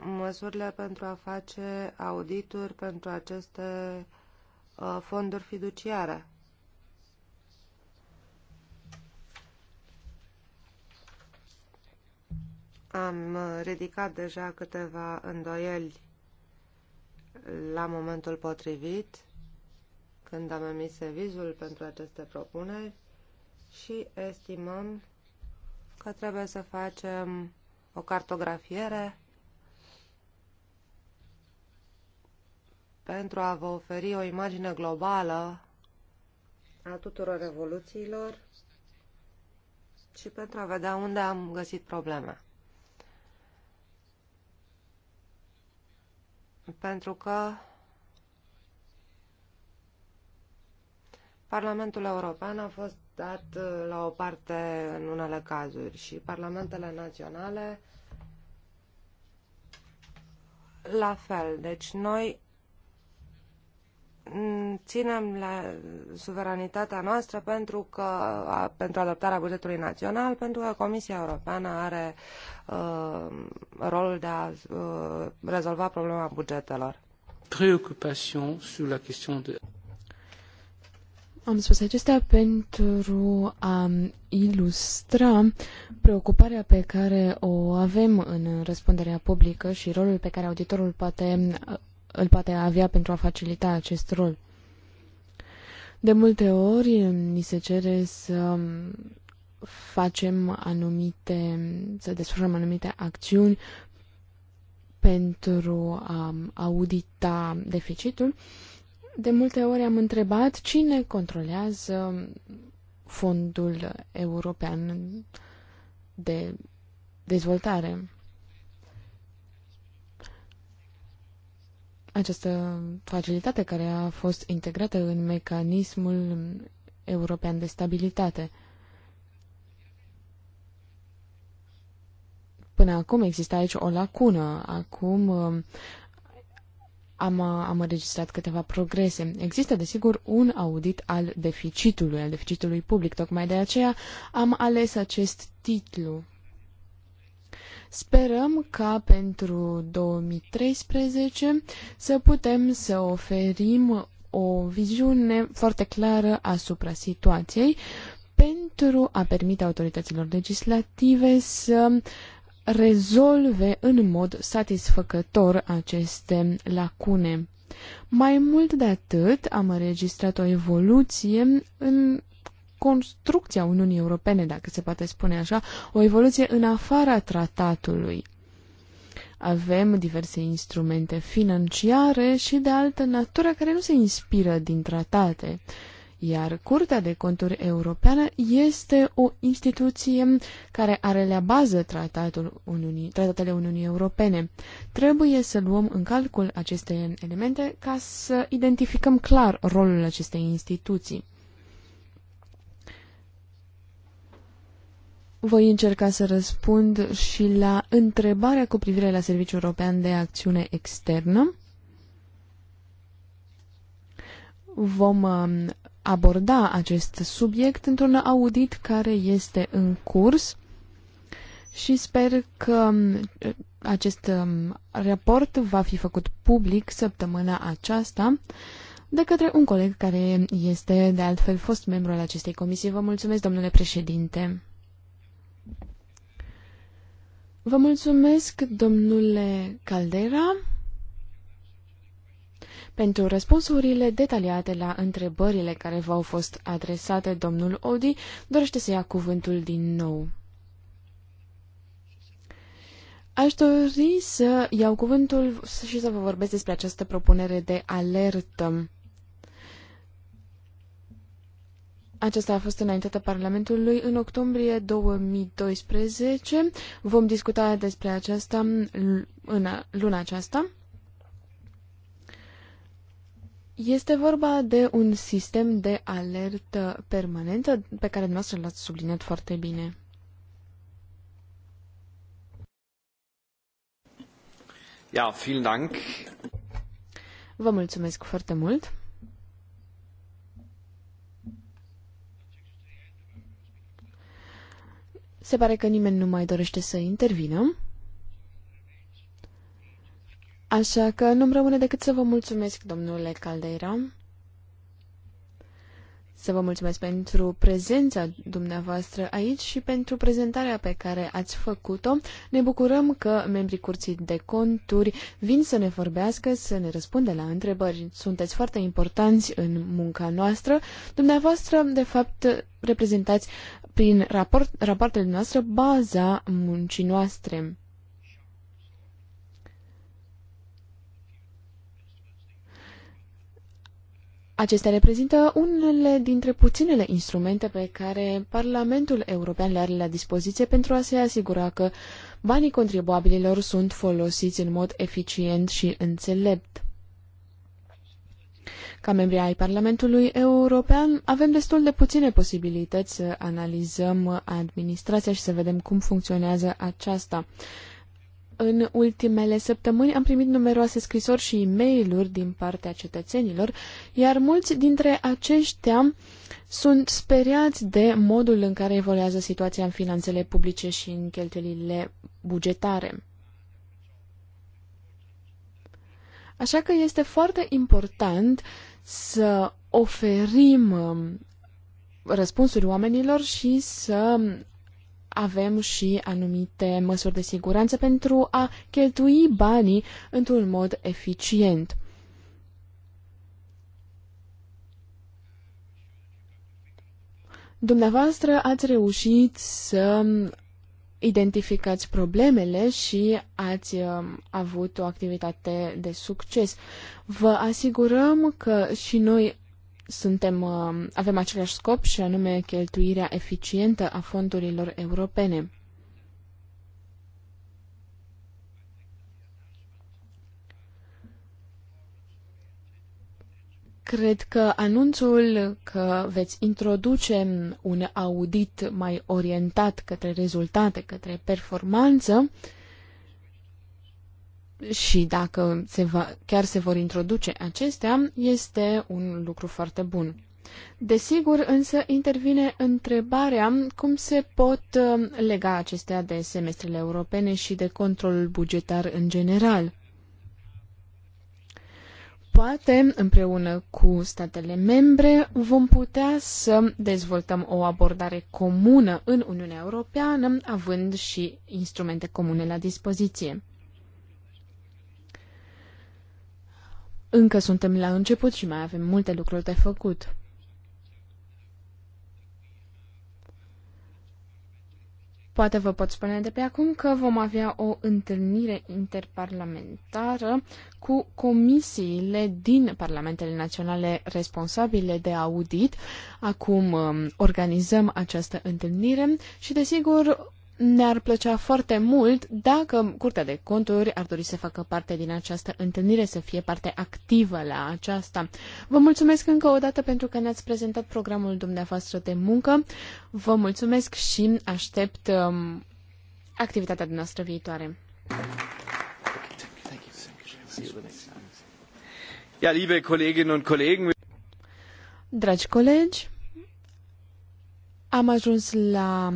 măsurile pentru a face audituri pentru aceste uh, fonduri fiduciare. Am ridicat deja câteva îndoieli la momentul potrivit, când am emis vizul pentru aceste propuneri și estimăm că trebuie să facem o cartografiere pentru a vă oferi o imagine globală a tuturor evoluțiilor și pentru a vedea unde am găsit probleme. pentru că Parlamentul European a fost dat uh, la o parte în unele cazuri și parlamentele naționale la fel. Deci noi Mm, ținem la suveranitatea noastră pentru că pentru adoptarea bugetului național, pentru că Comisia Europeană are uh, rolul de a uh, rezolva problema bugetelor. Preocupațion sur la question de am spus acestea pentru a ilustra preocuparea pe care o avem în răspunderea publică și rolul pe care auditorul poate uh, îl poate avea pentru a facilita acest rol. De multe ori ni se cere să facem anumite, să desfășurăm anumite acțiuni pentru a audita deficitul. De multe ori am întrebat cine controlează fondul european de dezvoltare. această facilitate care a fost integrată în mecanismul european de stabilitate. Până acum exista aici o lacună. Acum um, am, am înregistrat câteva progrese. Există, desigur, un audit al deficitului, al deficitului public. Tocmai de aceea am ales acest titlu Sperăm ca pentru 2013 să putem să oferim o viziune foarte clară asupra situației pentru a permite autorităților legislative să rezolve în mod satisfăcător aceste lacune. Mai mult de atât, am înregistrat o evoluție în construcția Uniunii Europene, dacă se poate spune așa, o evoluție în afara tratatului. Avem diverse instrumente financiare și de altă natură care nu se inspiră din tratate iar Curtea de Conturi Europeană este o instituție care are la bază tratatul Uniunii, tratatele Uniunii Europene. Trebuie să luăm în calcul aceste elemente ca să identificăm clar rolul acestei instituții. voi încerca să răspund și la întrebarea cu privire la Serviciul European de Acțiune Externă. Vom um, aborda acest subiect într-un audit care este în curs și sper că um, acest um, raport va fi făcut public săptămâna aceasta de către un coleg care este de altfel fost membru al acestei comisii. Vă mulțumesc, domnule președinte. Vă mulțumesc, domnule Caldera, pentru răspunsurile detaliate la întrebările care v-au fost adresate. Domnul Odi dorește să ia cuvântul din nou. Aș dori să iau cuvântul și să vă vorbesc despre această propunere de alertă. Aceasta a fost înaintată Parlamentului în octombrie 2012. Vom discuta despre aceasta în luna aceasta. Este vorba de un sistem de alertă permanentă pe care dumneavoastră l-ați subliniat foarte bine. Ja, vielen Dank. Vă mulțumesc foarte mult. Se pare că nimeni nu mai dorește să intervină. Așa că nu-mi rămâne decât să vă mulțumesc, domnule Caldeira. Să vă mulțumesc pentru prezența dumneavoastră aici și pentru prezentarea pe care ați făcut-o. Ne bucurăm că membrii Curții de Conturi vin să ne vorbească, să ne răspundă la întrebări. Sunteți foarte importanți în munca noastră. Dumneavoastră, de fapt, reprezentați prin raport, rapoartele noastre baza muncii noastre. Acestea reprezintă unele dintre puținele instrumente pe care Parlamentul European le are la dispoziție pentru a se asigura că banii contribuabililor sunt folosiți în mod eficient și înțelept. Ca membri ai Parlamentului European avem destul de puține posibilități să analizăm administrația și să vedem cum funcționează aceasta. În ultimele săptămâni am primit numeroase scrisori și e mail din partea cetățenilor, iar mulți dintre aceștia sunt speriați de modul în care evoluează situația în finanțele publice și în cheltuielile bugetare. Așa că este foarte important să oferim um, răspunsuri oamenilor și să avem și anumite măsuri de siguranță pentru a cheltui banii într-un mod eficient. Dumneavoastră ați reușit să identificați problemele și ați uh, avut o activitate de succes. Vă asigurăm că și noi suntem, uh, avem același scop și anume cheltuirea eficientă a fondurilor europene. Cred că anunțul că veți introduce un audit mai orientat către rezultate, către performanță, și dacă se va, chiar se vor introduce acestea, este un lucru foarte bun. Desigur, însă intervine întrebarea cum se pot uh, lega acestea de semestrele europene și de controlul bugetar în general. Poate, împreună cu statele membre, vom putea să dezvoltăm o abordare comună în Uniunea Europeană, având și instrumente comune la dispoziție. Încă suntem la început și mai avem multe lucruri de făcut. Poate vă pot spune de pe acum că vom avea o întâlnire interparlamentară cu comisiile din Parlamentele Naționale responsabile de audit. Acum um, organizăm această întâlnire și, desigur, ne-ar plăcea foarte mult dacă Curtea de Conturi ar dori să facă parte din această întâlnire, să fie parte activă la aceasta. Vă mulțumesc încă o dată pentru că ne-ați prezentat programul dumneavoastră de muncă. Vă mulțumesc și aștept um, activitatea noastră viitoare. Ja, liebe Kolleginnen und Kollegen, Dragi colegi, am ajuns la,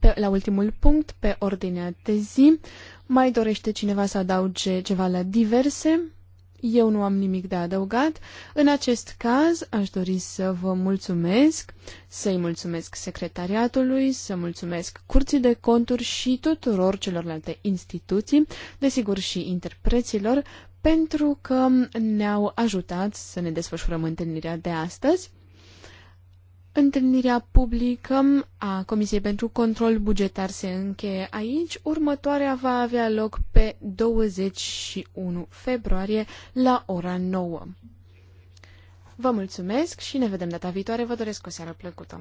pe, la ultimul punct pe ordinea de zi. Mai dorește cineva să adauge ceva la diverse? Eu nu am nimic de adăugat. În acest caz, aș dori să vă mulțumesc, să-i mulțumesc secretariatului, să mulțumesc curții de conturi și tuturor celorlalte instituții, desigur și interpreților, pentru că ne-au ajutat să ne desfășurăm întâlnirea de astăzi. Întâlnirea publică a Comisiei pentru Control Bugetar se încheie aici. Următoarea va avea loc pe 21 februarie la ora 9. Vă mulțumesc și ne vedem data viitoare. Vă doresc o seară plăcută!